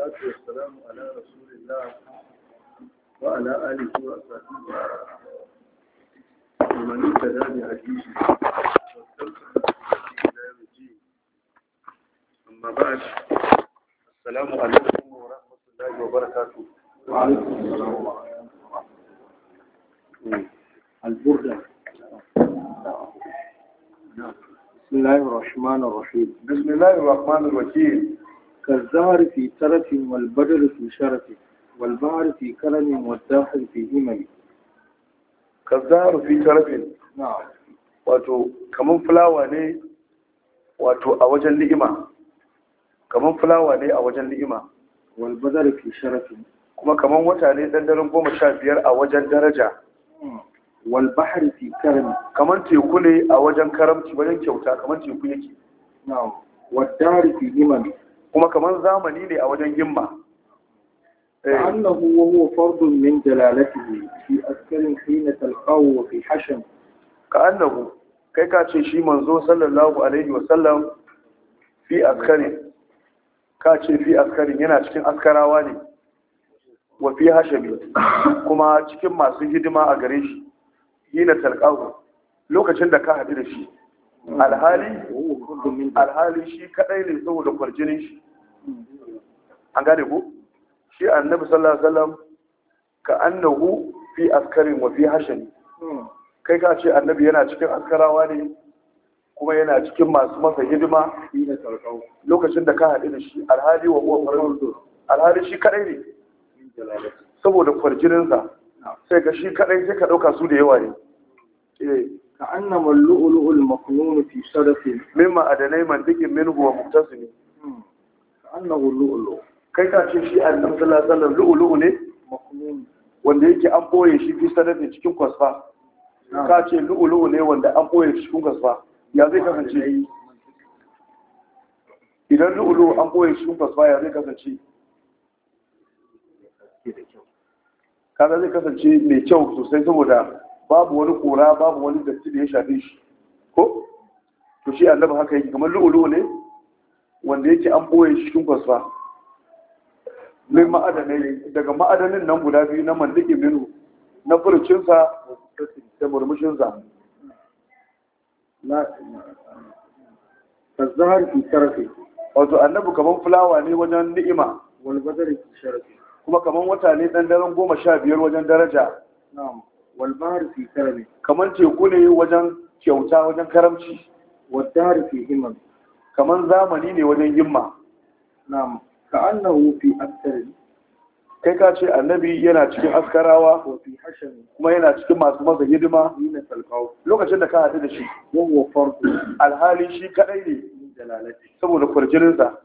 والصلاة والسلام على رسول الله وعلى آله وأصحابه ومن اهتدى بهديه إلى يوم الدين أما بعد السلام عليكم ورحمة الله وبركاته وعليكم السلام ورحمة الله البردة بسم الله الرحمن الرحيم بسم الله الرحمن الرحيم كالزهر في ترف والبدر في شرف والبحر في كرم والداخل في همم كالزهر في ترف نعم wato kaman fulawa ne wato a wajen ni'ima fulawa ne a wajen ni'ima wal badar fi kuma kaman wata ne goma sha biyar a wajen daraja wal bahri fi karam teku ne a wajen kyauta kaman teku yake na'am wad dar fi kuma kamar zamani ne a wajen himma eh. annahu wa huwa fardun fi askarin wa fi ka annahu kai ka ce shi manzo sallallahu alaihi wasallam fi askarin ka ce fi askarin yana cikin askarawa ne wa fi hashami kuma cikin masu hidima a gare shi na talqahu lokacin da ka haɗu da shi alhali alhali shi kadai ne saboda kwarjinin shi an gane ku shi annabi sallallahu alaihi wasallam ka annahu fi askarin wa fi hashin hmm. kai ka ce annabi yana cikin askarawa ne kuma yana cikin masu masa hidima lokacin da ka haɗu da shi alhali wa huwa alhali shi kadai ne saboda kwarjininsa sai ga shi kadai sai ka ɗauka su da yawa ne eh. كأنما اللؤلؤ المكنون في صدف مما أدني من ذكر منه ومقتسم كأنه اللؤلؤ kai ka ce shi annabi sallallahu alaihi wasallam lu'lu'u ne wanda yake an boye shi fi sadafi cikin kwasfa ka ce lu'lu'u ne wanda an boye shi cikin kwasfa ya zai kasance idan lu'lu'u an boye shi cikin kwasfa ya zai kasance Kada zai kasance mai kyau sosai saboda babu wani kora babu wani datti da ya shafe shi ko to shi annabi haka yake kamar lu'ulu ne wanda yake an boye shi cikin kwasfa min ma'adanai daga ma'adanin nan guda biyu na mallake minu na furcinsa da na zahar ki sharafi wato annabi kaman fulawa ne wajen ni'ima wal badari ki sharafi kuma kaman wata ne dan daren goma sha biyar wajen daraja na'am wal fi karami Kamar teku ne wajen kyauta wajen karamci wad fi kaman zamani ne wajen himma na'am ka annahu fi aktar kai ka ce annabi yana cikin askarawa kuma yana cikin masu masa hidima lokacin da ka haɗu da shi alhali shi kaɗai ne saboda kwarjininsa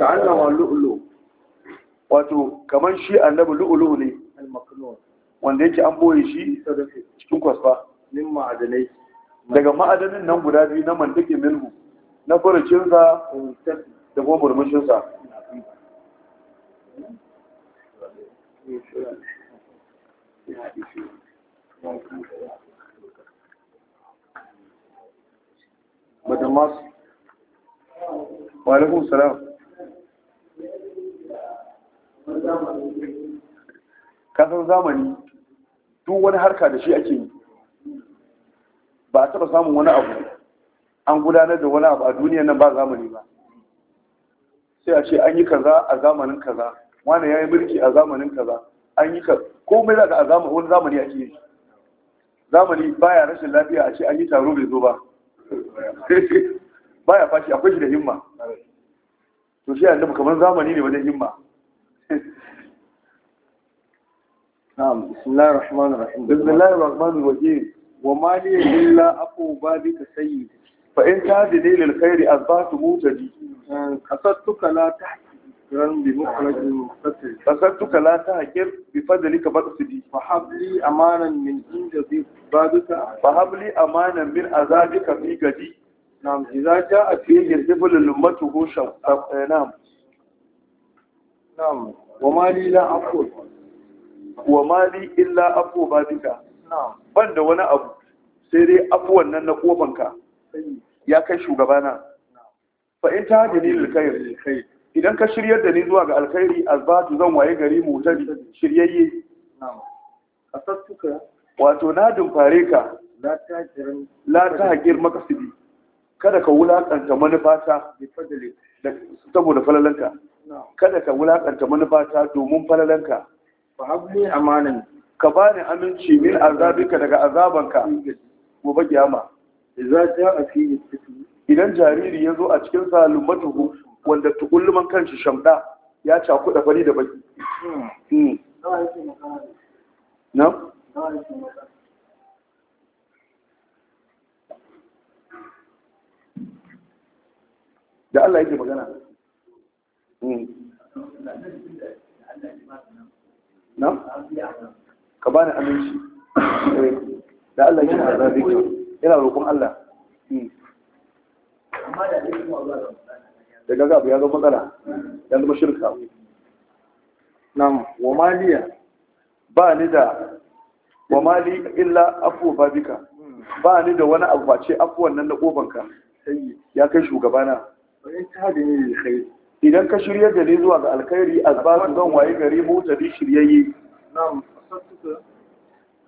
ka'annama lu'lu wato kamar shi annabi lu'lu ne wanda yake an boye shi cikin kwasfa daga ma'adanin nan guda biyu na mandake milhu na furucinsa da kuma murmushinsa But the wa alaikum salam zamani duk wani harka da shi ake yi ba a taɓa samun wani abu an gudanar da wani abu a duniya nan ba zamani ba sai a ce an yi kaza a zamanin kaza wani ya yi mulki a zamanin kaza an yi kaza ko mai zaga a wani zamani ake yi zamani baya rashin lafiya a ce an yi taro bai zo ba baya fashi akwai shi da himma to shi annabi kamar zamani ne wajen himma na'am bismillahir rahmanir rahim bismillahir rahmanir rahim wa ma li illa aqu bika sayyid fa in tadi lil khairi azbatu mutaji qasattuka la tahkir bi mukhrajin muqtatir qasattuka la tahkir bi fadlika baqsidi fa habli amanan min inda bi babika fa habli amanan min azabika fi gadi نعم إذا جاء في الإبل لمته شمسة نعم نعم وما لي لا أقول وما لي إلا أبو بابك نعم بند وانا أبو سيري أبو أننا نقوى بنك يا كشو غبانا فإن تهدني للخير إذا ka shiryar da ni zuwa ga alkhairi azbatu zan waye gari mutari shiryayye na'am asattuka wato na dumfare ka la ta haƙir makasidi kada ka wulakanta manufata saboda falalanka kada ka wulakanta manufata domin falalanka fa habli amanan ka bani aminci min azabinka daga azabanka gobe kiyama idza idan jariri ya zo a cikin sa matuhu wanda tukulluman shi shamda ya da fari da baki hmm. hmm. na da Allah yake magana hmm. na ka bani aminci eh, da Allah yake magana. ka yana roƙon Allah hmm. da gaga abu ya zo matsala ya zama shirka nan wa maliya ba ni da wa mali illa afu babika ba ni da wani abu ba ce afuwan nan na kobanka ya kai shugabana idan ka shirya gari zuwa ga alkhairi azbasu don waye gari mota bi shiryayye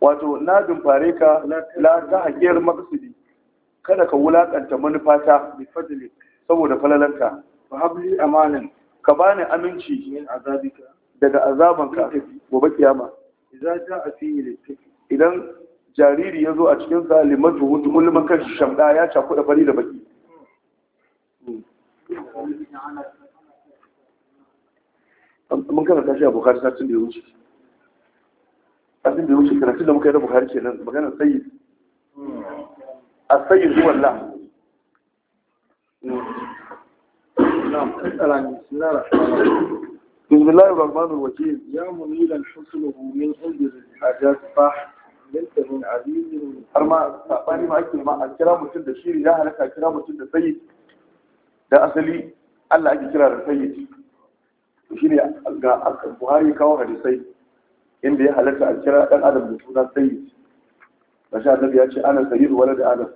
wato na dumfare ka la a hakiyar maksudi, kada ka wulakanta manufata saboda falalanka fa habli amanan ka bani aminci daga azabanka gobe kiyama idan jariri ya zo a cikin limatu hutu kullum kan shamda ya cakuɗa fari da baki karanta shi a bukari satin da ya wuce satin da ya wuce karatun da muka yi bukari ke nan maganar sayi a sayi zuwan la بسم الله الرحمن الرحيم يا منيلا حسنه من عند الحاجات صح ليس من عزيز har ma sabani ma ake ma a kira mutum da shiri ya halaka kira mutum da sayyid da asali Allah ake kira da sayyid shi ne ga buhari kawo hadisai inda ya halatta a kira ɗan adam da suna sayyid da shi annabi ya ce ana sayyid wala da adam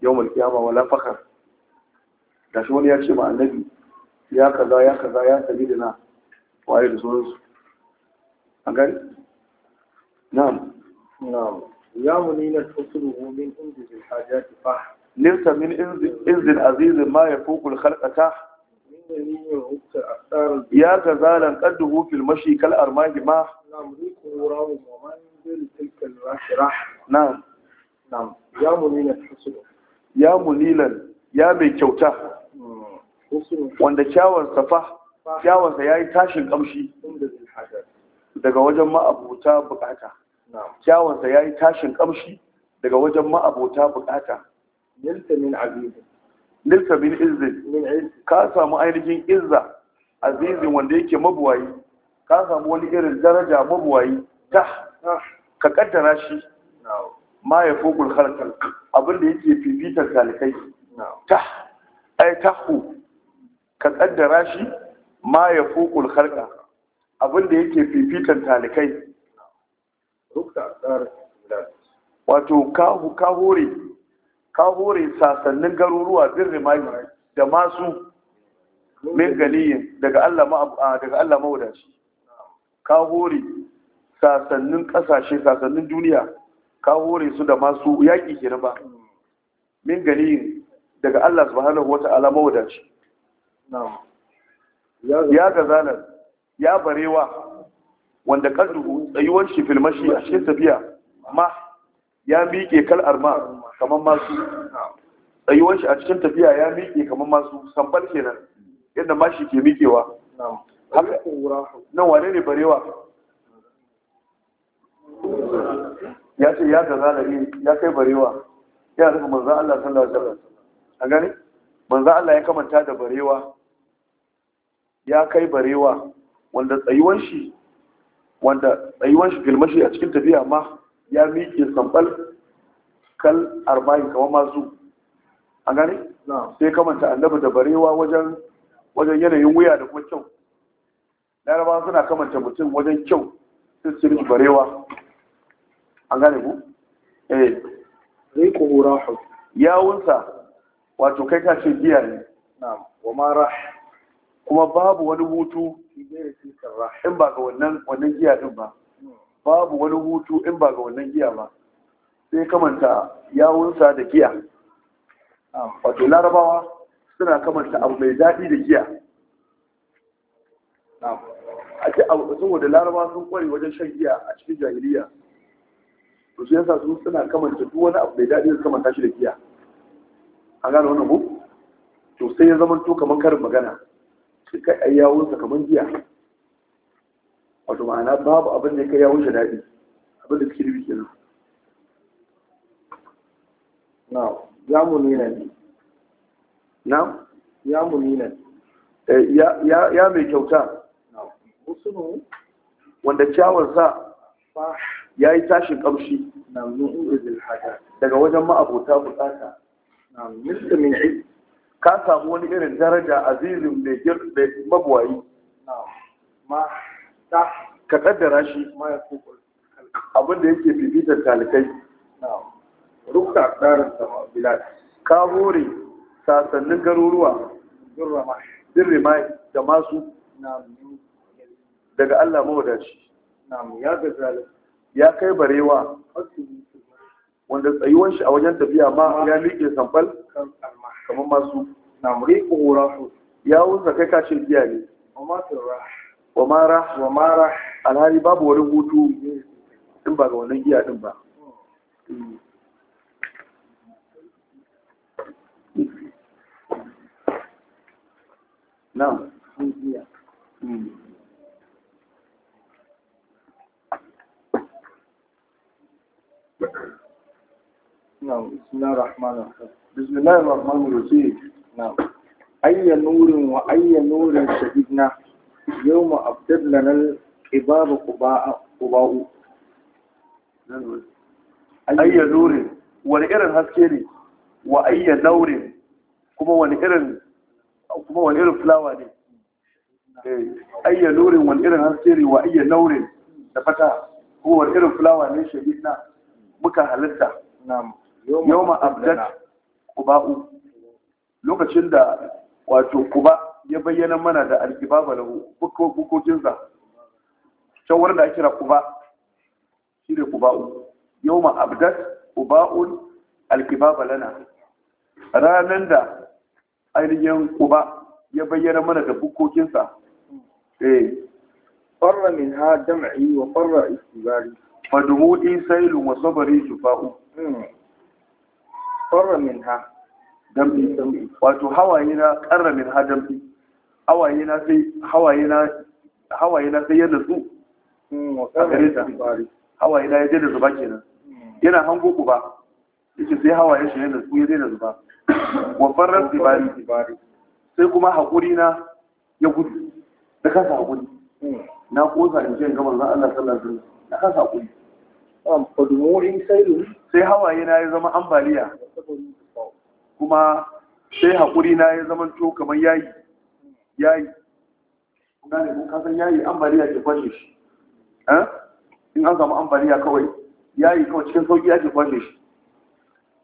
yau mai kiyama wala fakar da shi wani ya ce ma annabi ya kaza ya kaza ya sayi da na waye da sauransu a gari na'am na'am ya muni na tusuru min inda zai hajjati fa nirta min inzin azizin ma ya fukul khalqata ya ga zalan qadduhu fil mashi kal armahi ma na'am na'am ya munilan ya munilan ya mai kyauta hmm, wanda kyawar safa kyawar sa yayi tashin kamshi daga wajen ma'abuta bukata kyawar sa yayi tashin kamshi daga wajen ma'abuta bukata yalta min abidin nilka bin izzin ka samu ainihin izza azizin wanda yake mabuwayi ka samu wani irin daraja mabuwayi ta ka kaddara shi ma ya fokul halkar abinda yake fifitar talikai ta ai ku ka kaddara shi ma ya fokul halka abinda yake fifitar talikai wato ka hore ka hore sasannin garuruwa bin rimani da masu min galiyin daga Allah mawadaci ka hore sasannin kasashe sasannin duniya ka hore su da masu yaƙi kenan ba min galiyin daga Allah subhanahu wa ta'ala mawadaci ya gazanar ya barewa wanda kan dubu tsayuwar shi filmashi a cikin tafiya ma ya miƙe kal arma kamar masu tsayuwan shi a cikin tafiya ya miƙe kamar masu sambal kenan yadda mashi ke miƙewa nan wane ne barewa ya ce ya gaza da ne ya kai barewa ya zama manzan Allah sallallahu alaihi wasallam a gani manzan Allah ya kamanta da barewa ya kai barewa wanda tsayuwan shi wanda tsayuwan shi a cikin tafiya ma ya miƙe sambal kal arba'in kamar masu A gani? sai kamanta annabi da barewa wajen wajen yanayin wuya da kuma kyau larabawa suna kamanta mutum wajen kyau sun su barewa an gane ku eh zai kuma rahu yawunsa wato kai ka ce giya ne na wa rah kuma babu wani hutu in ba ga wannan wannan giya din ba babu wani hutu in ba ga wannan giya ba sai kamanta yawunsa da giya wato larabawa suna kamanta abu mai daɗi da giya a ce abu saboda larabawa sun kware wajen shan giya a cikin jahiliya to su yasa sun suna kamanta duk wani abu mai daɗi da kamanta shi da giya a gane wannan ku to sai ya zama to kamar karin magana sai kai ayyawunsa kamar giya wato ma'ana babu abin da ya kai ya wuce daɗi abin da kiri bikin na ya munina ne na ya munina eh, ya mai kyauta usunu wanda kyawarsa ya yi tashin ƙamshi daga wajen ma'abota bukata mista min ka samu wani irin daraja azizin mai mabuwayi ma ka kaddara shi abinda yake fifitar talikai rukta tsarin bilad ka hore sasannin garuruwa bin rimai da masu daga Allah mawadaci ya kai barewa wanda tsayuwan shi a wajen tafiya ma ya liƙe samfal kamar masu ya wunza kai kashin giya ne wa mara wa mara alhali babu wani hutu in ba ga wannan giya din ba نعم بسم الله الرحمن الرحيم بسم الله الرحمن الرحيم نعم أي نور وأي نور شهدنا yau ma abdad lanal ibaba kuba'u ayya nurin wani irin haske ne wa ayya kuma wani irin fulawa ne ayya nurin wani irin haske ne wa ayya da fata kuma wani irin fulawa ne shahidna muka halitta yau ma abdad kuba'u lokacin da wato kuba ya bayyana mana da alkibaba lahu bukokinsa shawar da kira kuba shi ne kuba'u yau ma abdat kuba'un alkibaba lana ranar da ainihin kuba ya bayyana mana da bukokinsa eh farra min ha dam'i wa farra istibari fadumu'i sailun wa sabari jufa'u ƙwarra hmm. min ha dam'i wato hawaye na karra min ha dam'i hawaye na sai yadda su mm, hawaye na ya nutsu a gare hawaye na ya da zuba kenan yana hango ku ba yake sai hawaye shi ya nutsu ya je da zuba wa farar ne. sai kuma haƙuri na ya gudu da kasa haƙuri mm. na kosa in ce gaban zan Allah sallallahu alaihi wasallam na kasa haƙuri sai hawaye na ya zama ambaliya kuma sai haƙuri na ya zama to kamar yayi yayi kuna ne mun kasan yayi ambaliya ke kwashe shi eh? in an samu ambaliya kawai yayi kawai cikin sauki ake kwashe shi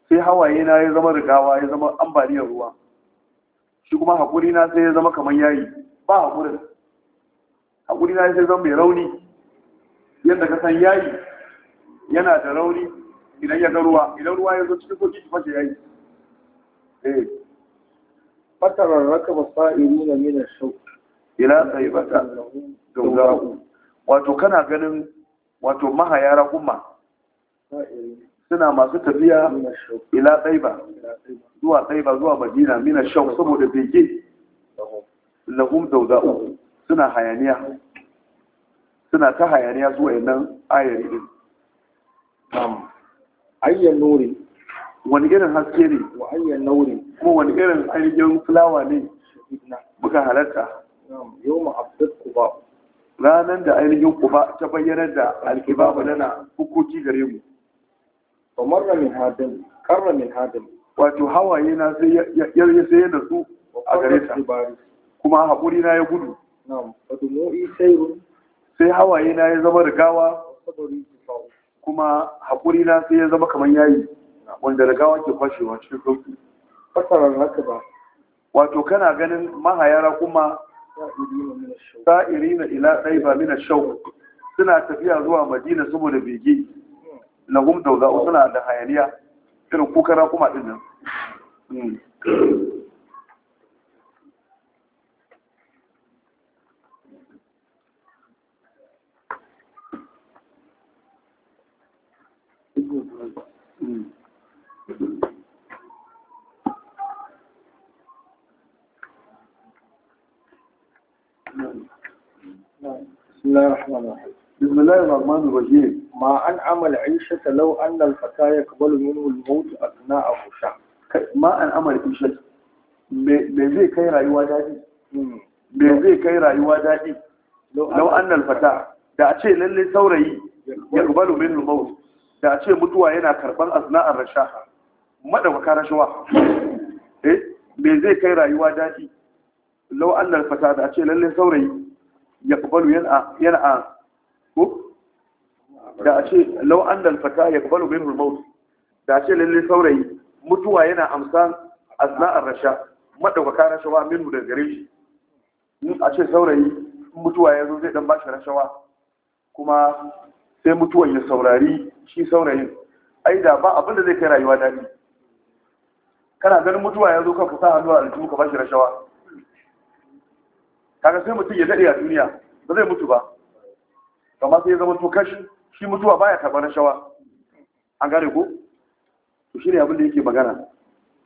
sai hawaye na ya zama rigawa ya zama ambaliyar ruwa shi kuma haƙuri na sai ya zama kamar yayi ba haƙurin haƙuri na sai zama mai rauni yadda ka san yayi yana da rauni idan ya ga ruwa idan ruwa ya zo cikin sauki ki fashe yayi eh fatarar raka basa'iru na minar shau ila sai bata dogaro wato kana ganin wato mahaya raƙuma suna masu tafiya ila ɗaiba zuwa ɗaiba zuwa madina mina shau saboda bege lahum dauda'u suna hayaniya suna ta hayaniya zuwa yanan ayari din ayyan nuri wani irin haske ne wa hanyar nauri kuma wani irin ainihin fulawa ne muka halarta yau ma kuba ranar da ainihin kuba ta bayyana da alkibaba nana hukuki gare mu kamar min hadin karra min hadin wato hawaye na sai ya sai da su a gare ta kuma haƙuri na ya gudu sai hawaye na ya zama rigawa kuma haƙuri na sai ya zama kamar yayi wanda da gawa ke kwashewa cikin sauki fasarar haka ba wato kana ganin mahayara kuma sa'iri na ila ɗai ba mina shau suna tafiya zuwa madina saboda bege lahum dauza'u suna da hayaniya irin kukara kuma ɗin nan hmm. بسم الله الرحمن الرحيم ما الله عمل الرحيم لو أن الفتى يقبل منه الموت أثناء خشع ما أنعم العيشة بزي كي رأيوا دادي بزي كي رأيوا دادي لو أن الفتى دا a للي ثوري يقبل منه الموت دا lumau da a ce mutuwa yana karban asna'ar rashaha madaukaka rashawa eh me zai kai rayuwa daɗi lau Allah fata da ce lalle saurayi ya kubalu yana yana ko da a ce lau Allah fata ya kubalu bin hulmaut da a ce lalle saurayi mutuwa yana amsa asna'ar rasha madaukaka rashawa minhu da gare shi in a ce saurayi mutuwa ya zo zai dan bashi rashawa kuma sai mutuwan ya saurari shi saurayin aida da ba abin da zai kai rayuwa daɗi kana ganin mutuwa ya zo kanku kusa hannu a aljihu ka bashi rashawa kaga sai mutum ya daɗe a duniya ba zai mutu ba kama sai ya zama to kashi shi mutuwa baya karɓar rashawa an gane ko to shi ne abin da yake magana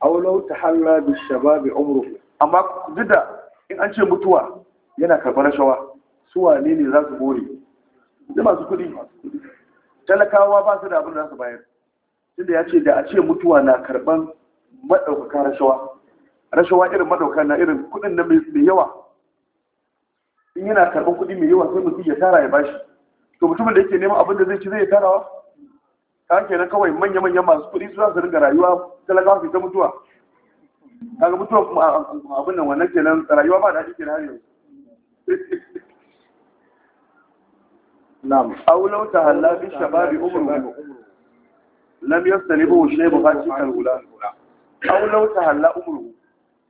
aulau ta halla bi shababi umru amma duk da in an ce mutuwa yana karɓar rashawa su wane ne za su more da masu kuɗi talakawa ba su da abin da za su bayar tunda ya ce da a ce mutuwa na karɓan. maɗaukaka rashawa rashawa irin maɗauka na irin kuɗin na mai yawa in yana karɓar kuɗi mai yawa sai mutum ya tara ya bashi to mutumin da yake neman abin da zai ci zai ya tarawa ta kenan kawai manya-manyan masu kuɗi su za su ringa rayuwa talakawa su ta mutuwa kaga mutuwa kuma abin nan wannan kenan rayuwa ba da ake kenan har yanzu نعم أو لو تهلا بالشباب أمره لم يستنبه شيء بغاتك kaulau ta halla umru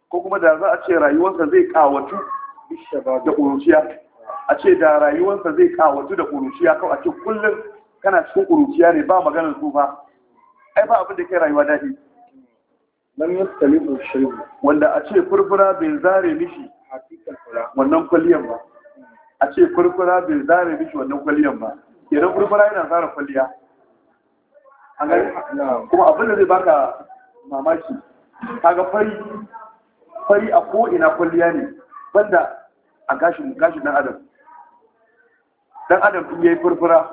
ko kuma da za a ce rayuwarsa zai kawatu da ƙuruciya? a ce da rayuwarsa zai kawatu da ƙuruciya? kawai a ce kullum kana cikin ƙuruciya ne ba maganar ba? ai ba abin da ke rayuwa daɗi lam yastalibu shay'un wanda a ce furfura bai zare mishi wannan kwaliyan ba a ce furfura bai zare mishi wannan kwaliyan ba kenan furfura yana zara kwaliya kuma abin da zai baka mamaki kaga fari fari a ko ina kwalliya ne banda a gashin gashin dan adam dan adam in yayi furfura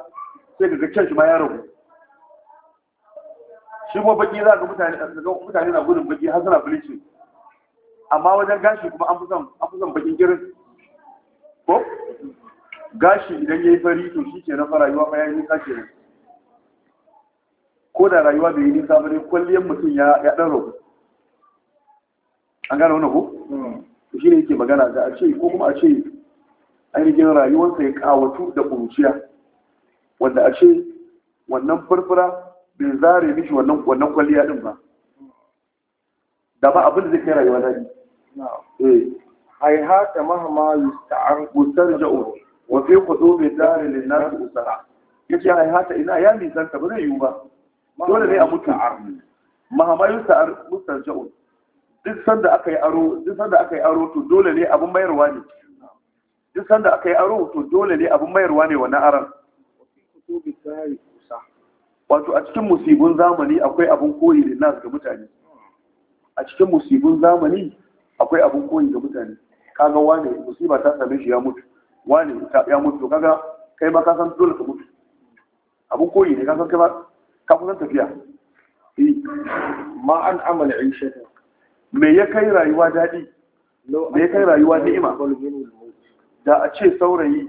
sai ga kyan shi ma ya ragu shi kuma baki za ga mutane ga mutane na gudun baki har suna bleaching amma wajen gashi kuma an fi son an fi bakin girin ko gashi idan yayi fari to shi ke na fara yiwa ma yayi sake ne ko da rayuwa bai yi nisa bane kwalliyar mutum ya ya dan rabu an gane wannan ko hmm. to shine yake magana da a ce ko kuma a ce ainihin rayuwarsa ya kawatu da kuruciya wanda a ce wannan furfura bai zare mishi wannan wannan kwalliya din ba da ba abin da zai kai rayuwa dadi eh haihata mahma yusta'an mustarja'u wa fi qudumi dar lin nas usara yace haihata ina ya nisan ta ba zai yiwu ba dole ne a mutu mahamayu sa'ar ja'un duk sanda aka yi aro duk sanda aka yi aro to dole ne abin mayarwa ne duk sanda aka yi aro to dole ne abin mayarwa ne wannan aran wato a cikin musibin zamani akwai abin koyi da nasu ga mutane a cikin musibin zamani akwai abin koyi ga mutane kaga wane musiba ta same shi ya mutu wane ya mutu kaga kai ma ka san dole ka mutu abin koyi ne ka san kai ma kafin kusan tafiya e, ma an amala aisha me ya kai rayuwa daɗi me ya kai rayuwa ni'ima da a ce saurayi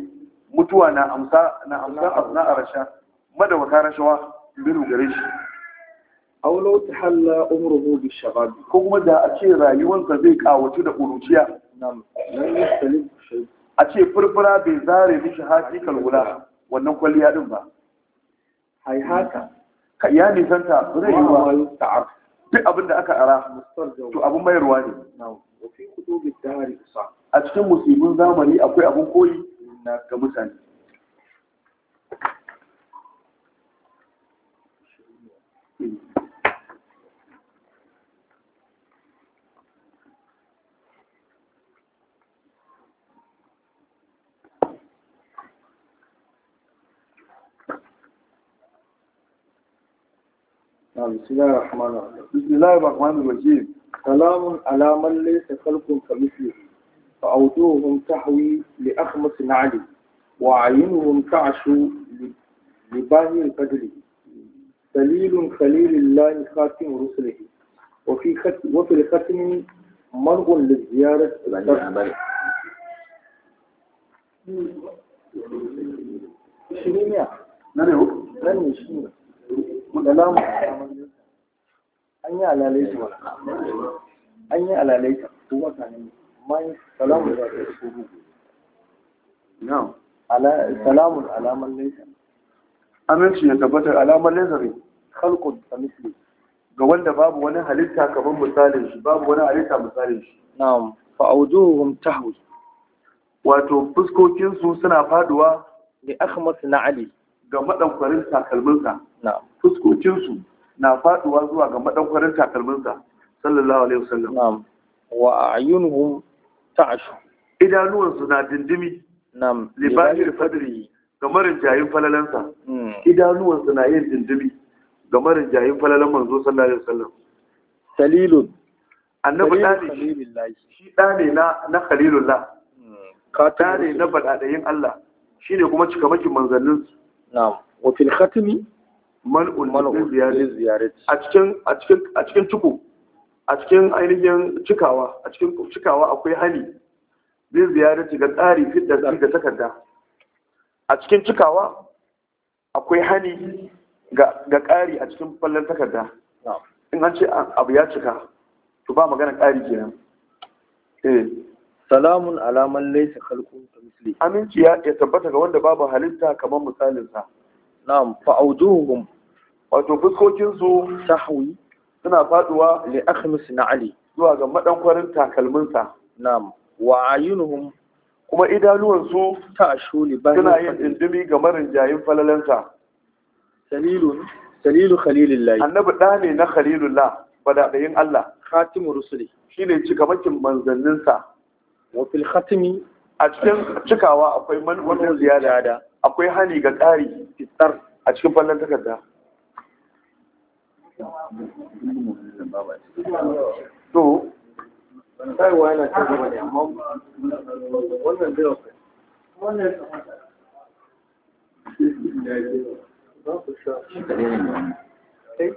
mutuwa na amsa na amsa na arasha madawaka rashawa biru gare shi aulau ta halla umruhu bi shababi ko kuma da a ce rayuwansa zai kawatu da kuruciya a ce furfura bai zare mishi haƙi kalwula wannan kwalliya din ba hai haka ka ya nisanta zai yi wa duk abin da aka ara to abin mayarwa ne a cikin musibin zamani akwai abin koyi ga mutane نعم، بسم الله الرحمن الرحيم بسم الله الرحمن الرحيم سلام على من ليس خلق كمثله فأوجوههم تحوي لأخمس نعل وعينهم تعش لباهي القدر دليل خليل الله خاتم رسله وفي ختم وفي الختم مرغ للزيارة شنو نعم نعم an yi alalai su an ta su wata ne mai salamu da ta su rubu na'am salamun alamar laisa aminci ya tabbatar alamar laisa ne khalqun ka misli ga wanda babu wani halitta kamar misalin shi babu wani halitta misalin shi na'am fa awjuhum Hausu. wato fuskokinsu suna faduwa li akhmas Ali? ga maɗankwarin takalminsa fuskokinsu na faɗuwa zuwa ga maɗankwarin takalminsa sallallahu alaihi wasallam wa ayyunuhum ta'ashu idanuwansu na dindimi nam libahir fadri ga marin jayin falalansa hmm. idanuwansu na yin dindimi ga marin jayin falalan manzo sallallahu alaihi wasallam salilun annabi ɗane shi dane na na khalilullah hmm. ka dane na badadayin Allah shine kuma cikamakin manzanninsu na'am wa fil khatmi mal'un ziyarati a cikin a cikin a cikin a cikin ainihin cikawa a cikin cikawa akwai hali zai ziyarati ga tsari fitar da takarda a cikin cikawa akwai hali ga ƙari a cikin fallon takarda in an ce abu ya cika to ba magana ƙari kenan eh. salamun alaman laisa khalqun misli aminci ya tabbata ga wanda babu halitta kamar misalin sa na'am fa wato fuskokin su tahwi suna faduwa li akhmis na'ali zuwa ga madankwarin takalmin sa na'am wa ayunuhum kuma idanuwan su ta suna yin dindimi ga marinjayin falalan sa salilun salilu khalilillah annabi da ne na khalilullah badadayin Allah khatimu rusuli shine cikamakin manzanninsa. sa wa fil a cikin cikawa akwai man wannan ziyada akwai hani ga ƙari fitar a cikin fannin takarda to yana gaba amma wannan zai wannan ba ku sha shi ne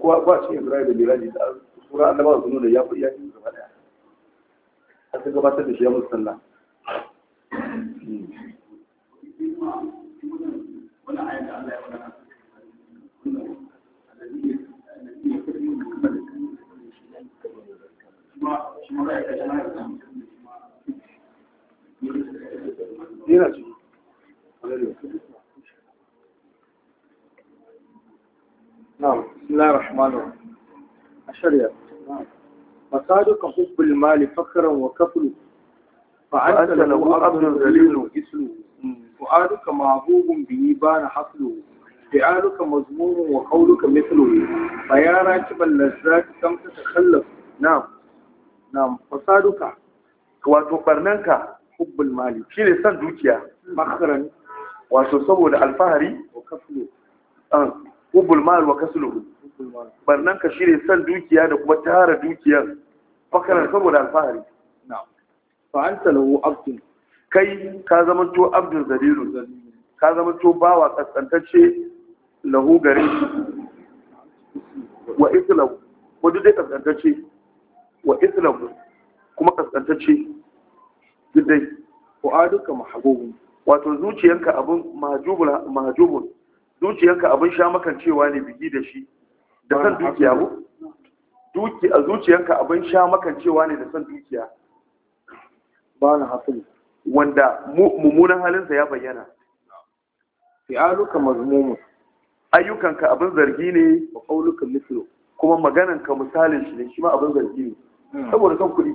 kowa ba shi ibrahim da miraji da sura annaba su nuna ya fi gaba daya gabatar da shi ya musu sallah Thank you. المال فخرا وكفل فأنت له عبد ذليل إسله فؤادك معبوب به بان حصله فعالك مذموم وقولك مثله فيا راكب اللذات كم تتخلف نعم نعم فسادك wato barnanka hubbul mali shi ne san dukiya wato saboda alfahari wa mali wa kaslu barnanka shi ne san dukiya da kuma tara dukiyar fakarar saboda alfahari fa anta lahu abdun kai ka zama to abdun ka zama to bawa kaskantacce lahu gare wa islam wadda dai kaskantacce wa islam kuma kaskantacce duk dai wa aduka mahagogun wato zuciyanka abin mahajubun zuciyanka abin sha makancewa ne bigi da shi da kan dukiya mu duki a zuciyanka abin sha cewa ne da son dukiya ba na hasali wanda mummunan halinsa ya bayyana aluka mazmumu ayyukanka abin zargi ne wa qauluka mithlu kuma magananka misalin shi ne shi ma abin zargi ne hmm. saboda kan kuɗi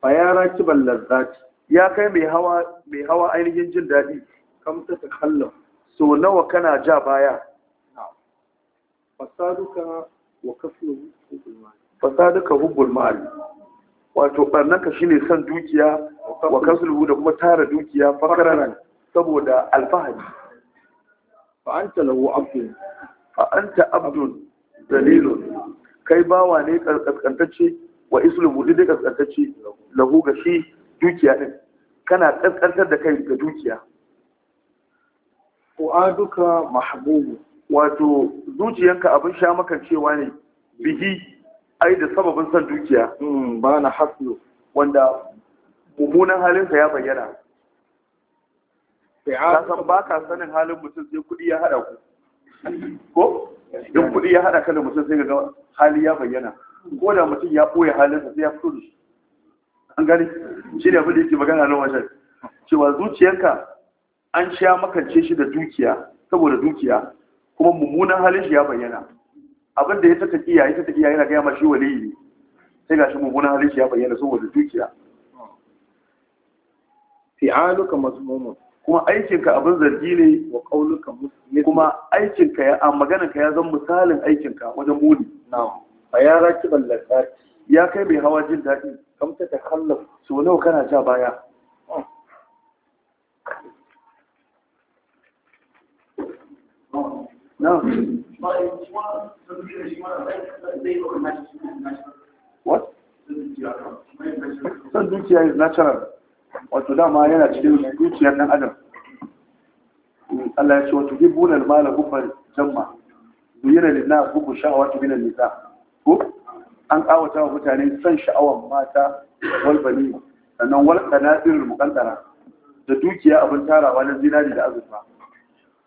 fa ya rakibal lazzati ya kai mai hawa mai hawa ainihin jin daɗi kam ta kallon so nawa kana ja baya fasaduka wa fasadaka hubbul mali wato barnaka shine son dukiya wa kaflu da kuma tara dukiya fakaran saboda alfahari fa anta lahu abdun fa anta abdun dalilun kai bawa ne kaskantacce wa islubu duk kaskantacce lahu ga shi dukiya din kana kaskantar da kai ga dukiya aduka mahbubu wato zuciyanka abin sha maka cewa ne bihi ai da sababin san dukiya hmm, ba na haslo. wanda mummunan halinsa ya bayyana ka san ba ka sanin halin mutum sai kuɗi ya haɗa ku ko don kuɗi ya haɗa kan mutum sai ga hali ya bayyana ko da mutum ya ɓoye halinsa sai ya fito da shi an gani shi ne abin da yake magana na wajen cewa zuciyanka an sha makance shi da dukiya saboda dukiya kuma mummunan halin shi ya bayyana abin da ya ta taƙiya ya ta taƙiya yana gaya ma shi yi ne sai ga shi mummunan halin shi ya bayyana saboda dukiya fi'aluka mazmumun kuma aikinka abin zargi ne wa qauluka muslim kuma aikinka ya a maganinka ya zan misalin aikinka wajen muni na'am fa ya raki ballakati ya kai mai hawa jin daɗi kam ta takhallaf so nawa kana ja baya what san dukiya is natural wato dama yana cikin dukiyar ɗan adam Allah ya ce wato bi bunan mala hubban jamma da zuyira lina sha'awa sha'awatu min nisa ko an ƙawata wa mutane son sha'awan mata wal sannan sannan na tsirin muqaddara da dukiya abin tarawa na zinari da azurfa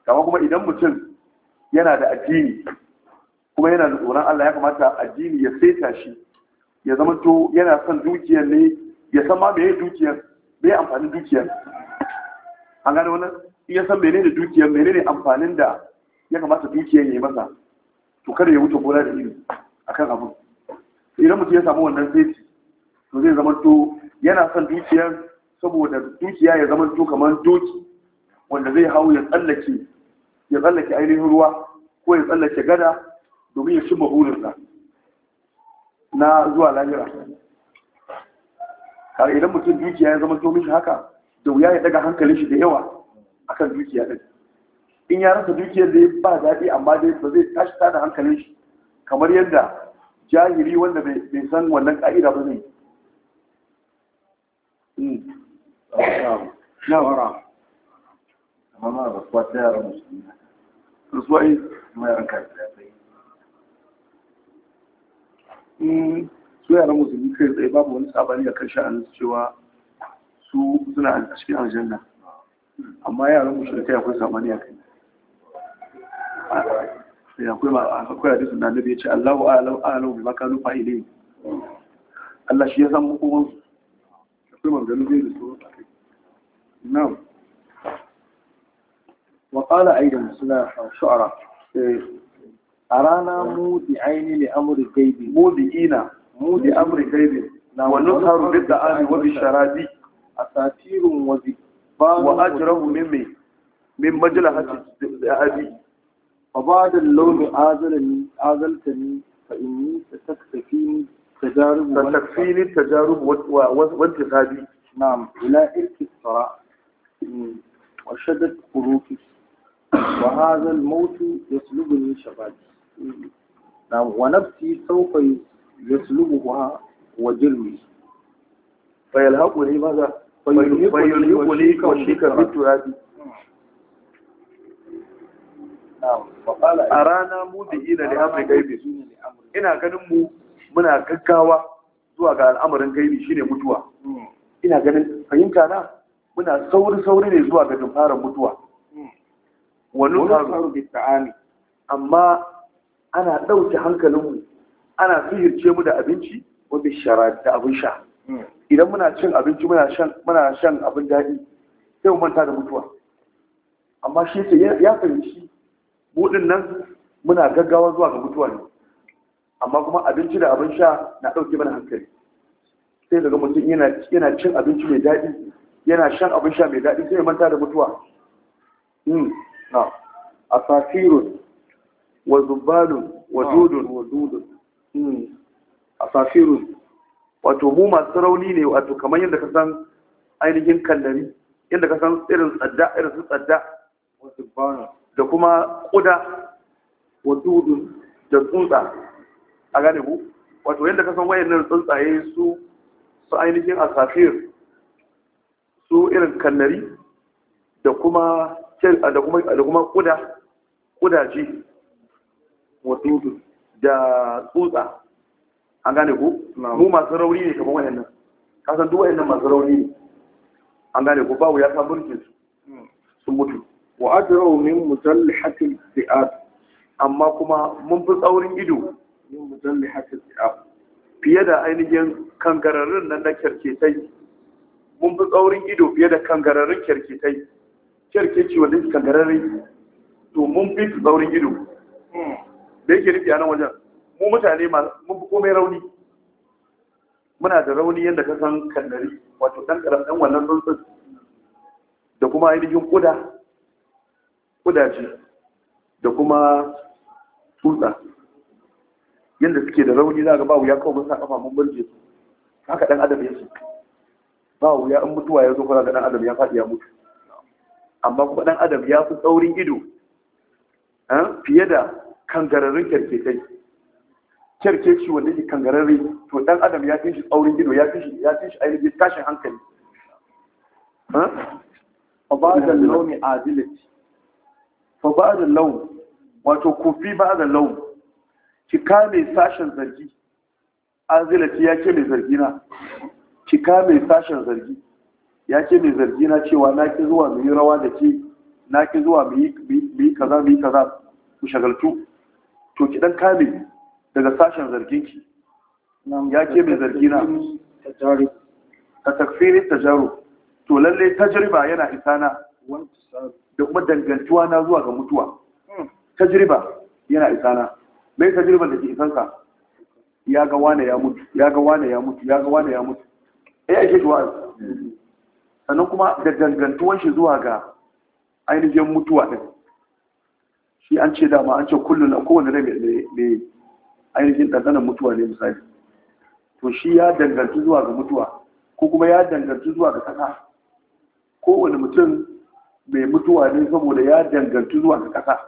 kama kuma idan mutum yana da addini kuma yana da tsoron Allah ya kamata addini ya saita shi ya zama to yana son dukiyar ne ya san ma meye dukiyar meye amfanin dukiyar an gane wannan ya san menene dukiyar ne amfanin da ya kamata dukiyar ya yi masa to kada ya wuce gona da a akan abu. idan mutum ya samu wannan seti, to zai zama to yana son dukiyar saboda dukiya ya zama to kamar doki wanda zai hau ya tsallake ya tsallake ainihin ruwa ko ya tsallake gada domin ya cimma burinsa na zuwa lahira kare idan mutum dukiya ya zama domin shi haka da wuya ya daga hankalin shi da yawa a kan dukiya din in ya rasa dukiyar da ya ba daɗi amma dai ba zai tashi tada hankalin shi kamar yadda jahiri wanda bai san wannan ka'ida ba zai na wara amma ba kwata yaran musulmi da su ai mai ranka su yaran musulmi kai tsaye babu wani sabani a kan sha'anin cewa su suna a cikin aljanna amma yaran mushrikai akwai sabani a kai eh, akwai akwai hadisin da annabi ya ce Allahu a'lamu a'lamu bima kanu fa'ilin Allah shi ya san mu kuma akwai maganganu zai da su na'am وقال أيضا سنة شعراء أرانا مودي عيني لأمر الغيب مودي إينا مودي أمر الغيب ونسهر بالدعام وبالشرادي أساتير وزبان وأجره ممي من مجلحة الذهبي وبعد اللوم آذلني آذلتني فإني ستكتفيني تجارب ستكفيني التجارب وانتخابي نعم إلى إلك الصراع وشدت قلوبي wa hadha al-maut yaslubuni shabab na wa nafsi sawfa yaslubuha wa jirmi fa bi a rana mu da ina da amrin gaibi ina ganin mu muna gaggawa zuwa ga al'amarin gaibi shine mutuwa hmm. ina ganin fahimta na muna sauri sauri ne zuwa ga dumfarar mutuwa wani karu da ta'ami amma ana ɗauke hankalinmu ana sihirce mu da abinci wa shara da abin sha hmm. idan muna cin abinci muna shan abin daɗi sai mu manta da mutuwa amma shi ce ya fahimci mu nan muna gaggawa zuwa ga mutuwa ne amma kuma abinci da abin sha na ɗauke mana hankali sai daga mutum yana cin abinci mai daɗi yana shan abin sha mai daɗi sai ya manta da mutuwa hmm. na asafirun wa zubalun wa dudun wa dudun asafirun wato mu masu rauni ne wato kamar yadda ka san ainihin kallari yadda ka san irin tsadda irin su tsadda da kuma kuda wa dudun da tsuntsa a gane ku wato yadda ka san wayannan tsuntsaye su su ainihin asafir su irin kallari da kuma da kuma da kuma kuda kudaji wato da tsutsa an gane ku mu masu rauni ne kamar wayannan ka san duk wayannan masu rauni ne an gane ku bawu ya samu rikin sun mutu wa a ajrau min muzallahatil si'at amma kuma mun fi tsaurin ido min muzallahatil si'at fiye da ainihin kangararrun nan na kyarketai mun fi tsaurin ido fiye da kangararrun kyarketai kyarke ce wanda suka gararri to mun fi su zaurin ido da yake nufi a wajen mu mutane mun fi komai rauni muna da rauni yadda ka san kandari wato ɗan ƙarar dan wannan tsuntsun da kuma ainihin kuda ce da kuma tsutsa yadda suke da rauni za ga ba wuya kawai mun sa kafa mun burge su haka ɗan adam ya su ba wuya an mutuwa ya zo kwana da ɗan adam ya faɗi ya mutu amma kuma ɗan adam ya fi tsaurin ido eh, fiye da kangararin kyarketai kyarkeci wanda ke kangararri to ɗan adam ya fi shi tsaurin ido ya fi shi ya fi shi ainihin tashin hankali eh? fa ba da launi adilati fa ba da launi wato kofi ba da launi ki kame sashen zargi adilati ya ke mai zargi na ki kame sashen zargi ya ce mai zargi na cewa na ki zuwa mu yi rawa da ke na ki zuwa mu yi kaza mu yi kaza ku shagaltu to ki dan kame daga sashen zargin ki ya ke mai zargi na ta takfiri jaro to lalle tajriba yana isa na, da kuma dangantuwa na zuwa ga mutuwa hmm. tajriba yana isa na, mai tajriban da ke isansa ya ga wane ya mutu ya ga wane ya mutu ya ga wane ya mutu eh, ya ake zuwa. sannan kuma da dangantuwar shi zuwa ga ainihin mutuwa ɗin shi an ce dama an ce kullum na kowane rai mai ainihin ɗanɗanar mutuwa ne misali to shi ya dangantu zuwa ga mutuwa ko kuma ya dangantu zuwa ga ƙasa kowane mutum mai mutuwa ne saboda ya dangantu zuwa ga ƙasa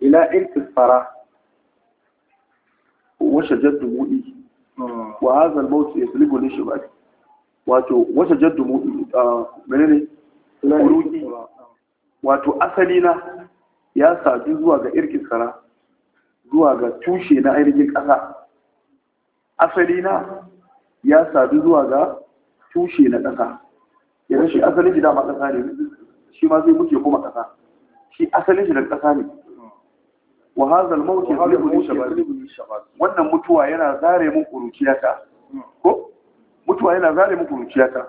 ila in tsara washe jaddu mu'i hmm. wa hazal mawuce ya silibu ne shi ba wato wata jaddu mu menene kuruki wato asali na ya sadu zuwa ga irkin sara zuwa ga tushe na ainihin ƙasa asali na ya sadu zuwa ga tushe na ƙasa ya rashin asalin shi dama ƙasa ne shi ma zai muke kuma ƙasa shi asalin shi da ƙasa ne wa hazal mawuce halibun shabazi wannan mutuwa yana zare mun ta hmm. ko mutuwa yana zare muku kuruciyata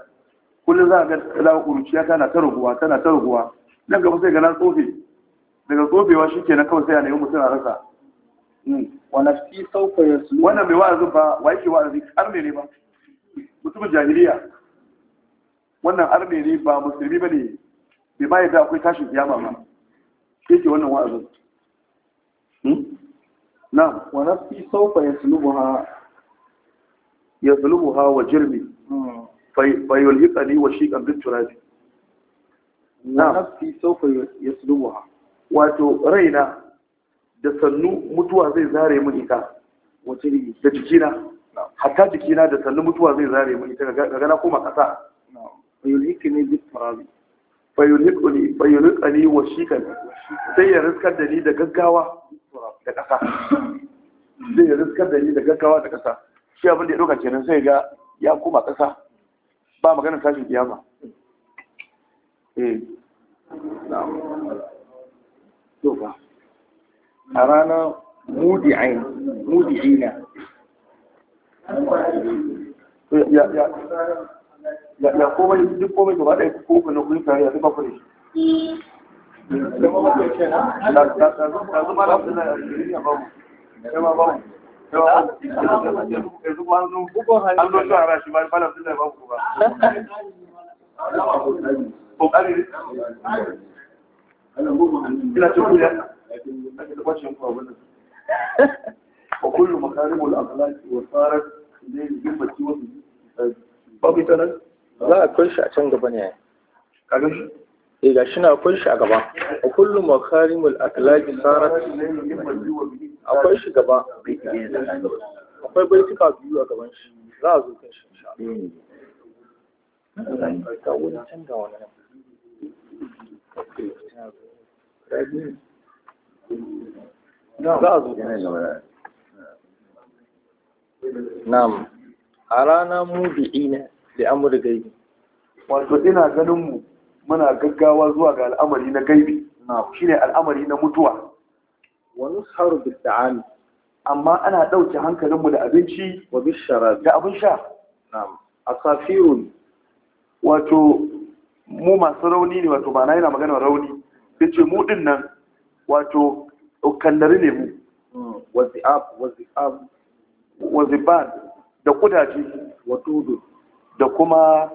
kullum za a ga lawa kuruciyata na ta raguwa tana ta raguwa nan gaba sai gana tsofe daga tsofewa shi kenan kawai sai a nemi mutum a rasa hmm. wani fi sauka su wannan mai wa'azin ba wa yake wa'azi arme ne ba mutumin jahiliya wannan arme ne ba musulmi ba ne bai ma yadda akwai tashin kiyama ba ke wannan wa'azin hmm? na wani fi sauka ya su nubu ha ya zulubuha wa jirmi fa yulhiqani wa shiqan bit turabi na nafsi sawfa yaslubuha wato raina da sannu mutuwa zai zare mun ita da jikina hatta jikina da sannu mutuwa zai zare mun ita ga gana kuma kasa fa yulhiqani bit turabi fa yulhiqani fa wa shiqan sai ya riskar da ni da gaggawa da kasa zai riskar da ni da gaggawa da kasa shi abin da ya ɗauka kenan sai ga ya koma ƙasa ba maganar tashin kiyama a ranar mudi'ain ya komai duk komai gaba ɗaya ko tare zuba da an zo shahara shi bayan balam suna ba ku ba kokari ina ce ku ya za a a gaba ne eh, shi na kunshi a gaba makarimul akhlaqi sarat akwai shi gaba akwai baituka biyu a gaban shi za a zo kan shi za a zo na'am a rana mu bi'ina da amur gaibi wato ina ganin mu muna gaggawa zuwa ga al'amari na gaibi shi ne al'amari na mutuwa wa nusharu bil ta'ami amma ana ɗauke hankalinmu da abinci wa bil da abin sha na'am asafirun wato mu masu rauni ne wato ba na yana maganar rauni da ce mu din nan wato kallari ne mu mm, waziban da kudaje wato da kuma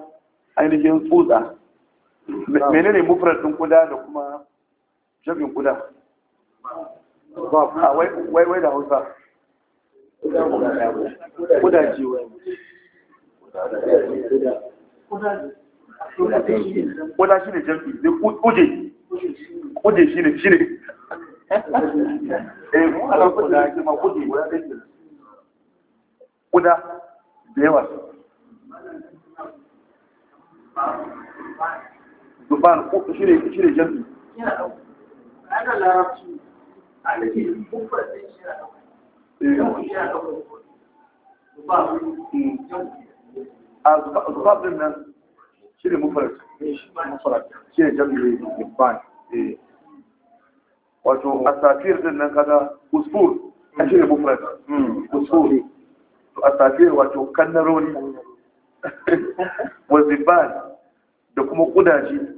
ainihin tsutsa menene mufrad kuda da kuma jabin kuda Ah, wai wai da hausa kudaji wai kuda shi ne jamfi ne kuje kuje shi ne shi ne eh mu ala kuda shi ma kuje kuda da yawa Dubban shi ne jamfi. Yana ɗauka. Ana larabci. a da ke kufar ɗin nan shi ne mufarar eh, shi ne jami'ai ibban eh. wato a safiyar ɗin nan kada usfur An shi ne mufarar hmm, usfur a safiyar wato kannaroni wazibban da kuma ƙudaji.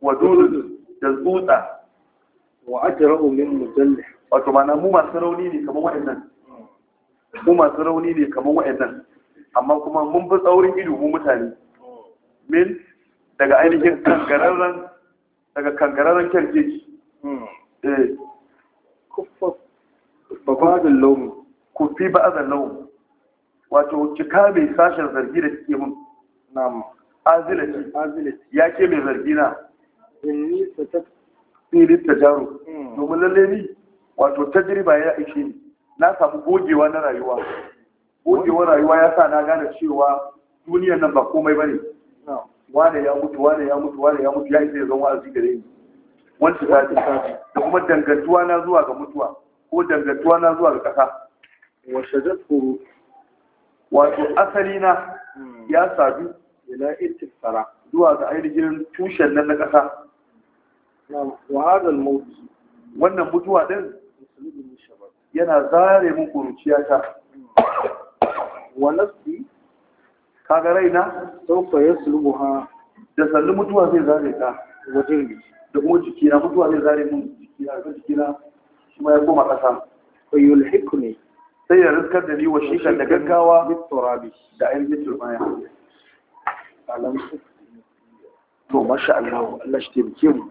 wadudu da tsutsa wa ajrahu min mujallih wato mana mu masu rauni ne kamar wa'annan mu masu rauni ne kamar wa'annan amma kuma mun fi tsaurin ido mu mutane min daga ainihin kangararren daga kangararren kyarkeci hmm. eh babadin launin ku fi ba'adar wato cika mai sashen zargi da suke mun na azilati ya ke mai zargi na tsirin jaro hmm. domin lalle ni wato tajriba ya aike ni na samu gogewa na rayuwa gogewar rayuwa ya sa na gane cewa duniyar nan ba komai ba ne wane ya mutu wane ya mutu wane ya mutu ya isa ya zama arziki gare ni wancan zafi da kuma dangantuwa na zuwa ga mutuwa ko dangantuwa na zuwa ga ƙasa wasu jaskuru wato asali na hmm. ya sadu ila ittifara zuwa ga ainihin tushen nan na ƙasa wa hadal maut wannan mutuwa din yana zare mun kuruciya ta wa nafsi kaga raina sauka yasluha da sallu mutuwa zai zare ta wajen bi da kuma jikina mutuwa zai zare mun jikina ga jikina shi ma ya koma kasa fa yulhikuni sai ya riskar da ni wa shi da gaggawa bitturabi da ainihin turbaya alam to masha Allah Allah shi taimake mu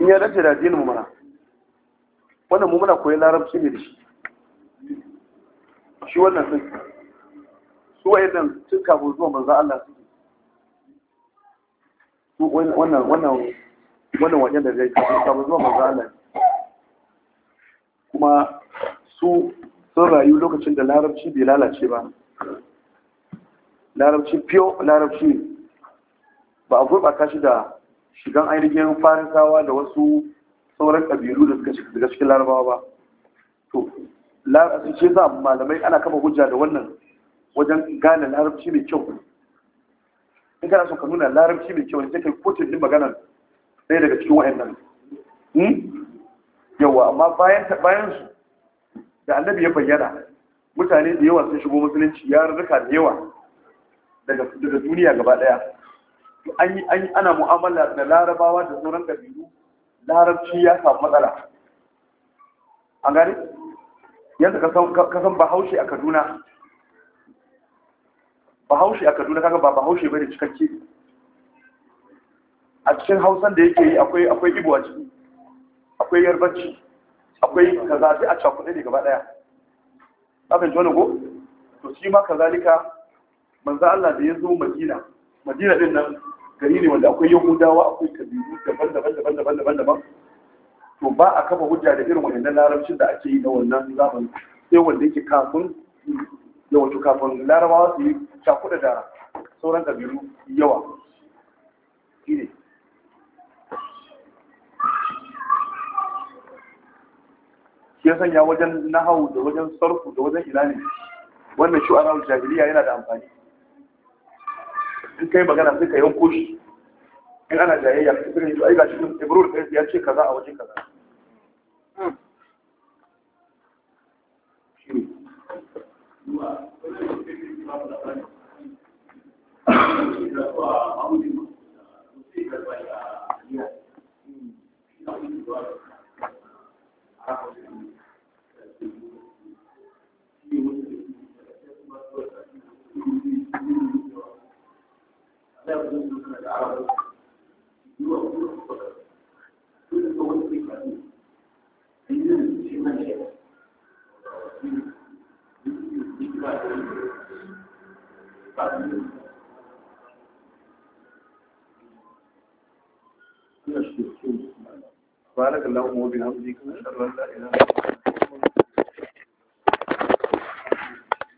in ya dace da addinin mu mana wannan mu muna koyi larabci ne da shi shi wannan sun su wa wayannan tun kafin zuwa manzo Allah su wannan wannan wannan wajen da zai kafin zuwa manzo Allah kuma su sun rayu lokacin da larabci bai lalace ba larabci fiyo larabci ba a gurɓata shi da shigan ainihin farisawa da wasu sauran ƙabilu da suka shiga cikin larabawa ba to larabci ce za malamai ana kafa hujja da wannan wajen gane larabci mai kyau in kana so ka nuna larabci mai kyau ne ta kai kotun din maganar ɗaya daga cikin wayannan. Hmm? yawa amma bayan bayan su da annabi ya bayyana mutane da yawa sun shigo musulunci ya rarraka da yawa daga duniya gaba ɗaya an yi ana mu'amala da larabawa da sauran ƙabilu larabci ya samu matsala an gani yadda ka san bahaushe a kaduna bahaushe a kaduna kaga ba bahaushe bane cikakke a cikin hausan da yake yi akwai akwai ibo a ciki akwai yarbanci akwai kazafi sai a cakuɗe ne gaba ɗaya abin jona go to shi ma kazalika manzo Allah da ya zo Madina madina din nan gari ne wanda akwai yahudawa akwai kabilu daban daban daban daban daban daban to ba a kafa hujja da irin wannan larabcin da ake yi na wannan zaman sai wanda yake kafin da wato kafin larabawa su yi cakuda da sauran kabilu yawa shine ya sanya wajen nahawu da wajen sarku da wajen ilani wannan shu'ara jahiliya yana da amfani in kai magana sai ka yanko shi in ana jayayya ka tsira yi ai gashi ibrahim sai ya ce kaza a waje kaza hmm. Thank you. لا بد من العرب في مدينة إذن في مجال بارك اللهم وبحمدك نشهد ان لا اله الا انت